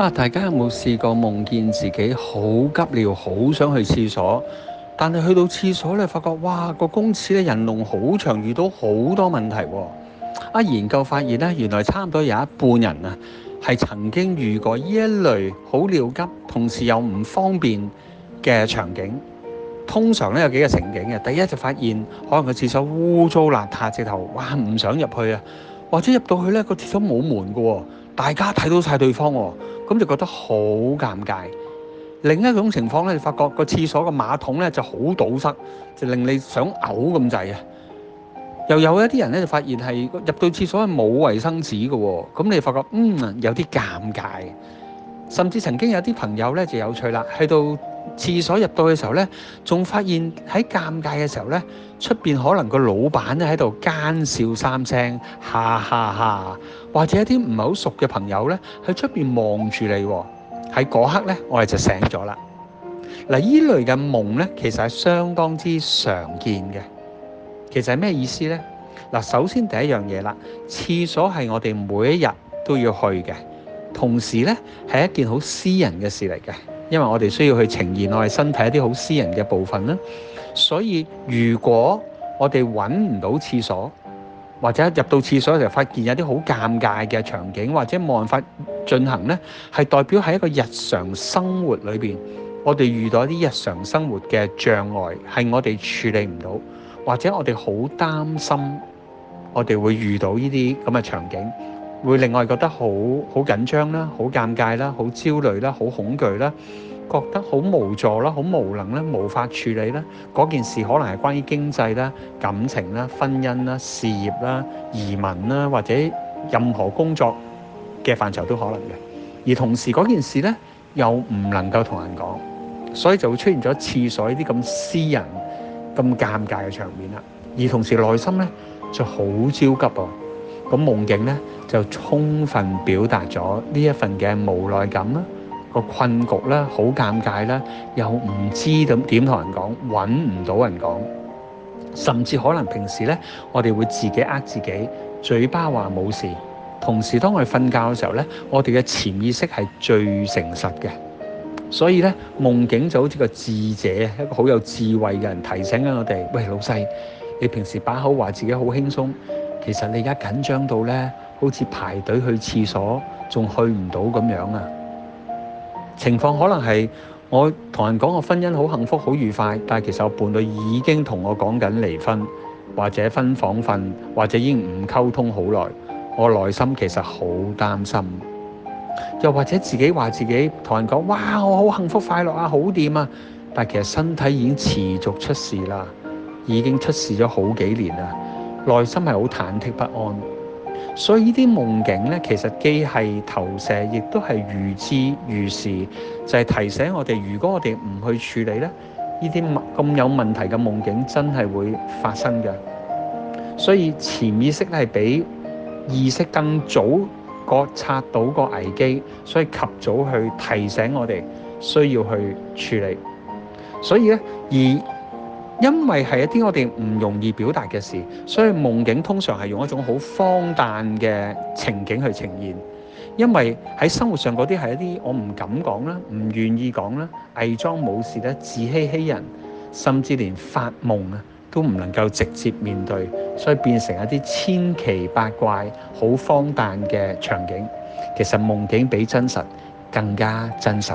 啊！大家有冇試過夢見自己好急尿，好想去廁所，但係去到廁所咧，發覺哇個公廁咧人龍好長，遇到好多問題喎、哦。啊！研究發現咧，原來差唔多有一半人啊，係曾經遇過呢一類好尿急，同時又唔方便嘅場景。通常咧有幾個情景嘅，第一就發現可能個廁所污糟邋遢，直頭哇唔想入去啊，或者入到去咧個廁所冇門嘅喎、哦，大家睇到晒對方喎、哦。咁就覺得好尷尬。另一種情況咧，就發覺個廁所個馬桶咧就好堵塞，就令你想嘔咁滯啊！又有一啲人咧、哦、就發現係入到廁所係冇衛生紙嘅喎，咁你發覺嗯有啲尷尬。甚至曾經有啲朋友咧就有趣啦，去到，廁所入到嘅時候呢，仲發現喺尷尬嘅時候呢，出邊可能個老闆咧喺度奸笑三聲，哈哈哈，或者一啲唔係好熟嘅朋友呢，喺出邊望住你喎，喺嗰刻呢，我哋就醒咗啦。嗱，呢類嘅夢呢，其實係相當之常見嘅，其實係咩意思呢？嗱，首先第一樣嘢啦，廁所係我哋每一日都要去嘅，同時呢，係一件好私人嘅事嚟嘅。因為我哋需要去呈現我哋身體一啲好私人嘅部分啦，所以如果我哋揾唔到廁所，或者入到廁所就發現有啲好尷尬嘅場景，或者冇辦法進行呢，係代表喺一個日常生活裏邊，我哋遇到一啲日常生活嘅障礙，係我哋處理唔到，或者我哋好擔心我哋會遇到呢啲咁嘅場景。會另外覺得好，好緊張啦，好尷尬啦，好焦慮啦，好恐懼啦，覺得好無助啦，好無能啦，無法處理啦，嗰件事可能係關於經濟啦，感情啦，婚姻啦，事業啦，移民啦，或者任何工作嘅範疇都可能嘅。而同時嗰件事呢，又唔能夠同人講。所以就會出現咗廁所呢啲咁私人咁尷尬嘅場面啦。而同時內心呢，就好焦急啊。咁夢境咧就充分表達咗呢一份嘅無奈感啦，個困局啦，好尷尬啦，又唔知點同人講，揾唔到人講，甚至可能平時呢，我哋會自己呃自己，嘴巴話冇事。同時，當我哋瞓覺嘅時候呢，我哋嘅潛意識係最誠實嘅，所以呢，夢境就好似個智者，一個好有智慧嘅人提醒緊我哋：喂，老細，你平時把口話自己好輕鬆。其實你而家緊張到呢，好似排隊去廁所仲去唔到咁樣啊！情況可能係我同人講個婚姻好幸福、好愉快，但係其實我伴侶已經同我講緊離婚，或者分房瞓，或者已經唔溝通好耐。我內心其實好擔心，又或者自己話自己同人講：哇，我好幸福快樂啊，好掂啊！但其實身體已經持續出事啦，已經出事咗好幾年啦。內心係好忐忑不安，所以呢啲夢境咧，其實既係投射，亦都係預知預示，就係、是、提醒我哋，如果我哋唔去處理咧，呢啲咁有問題嘅夢境真係會發生嘅。所以潛意識咧係比意識更早覺察到個危機，所以及早去提醒我哋需要去處理。所以咧，而因為係一啲我哋唔容易表達嘅事，所以夢境通常係用一種好荒誕嘅情景去呈現。因為喺生活上嗰啲係一啲我唔敢講啦，唔願意講啦，偽裝冇事咧，自欺欺人，甚至連發夢啊都唔能夠直接面對，所以變成一啲千奇百怪、好荒誕嘅場景。其實夢境比真實更加真實。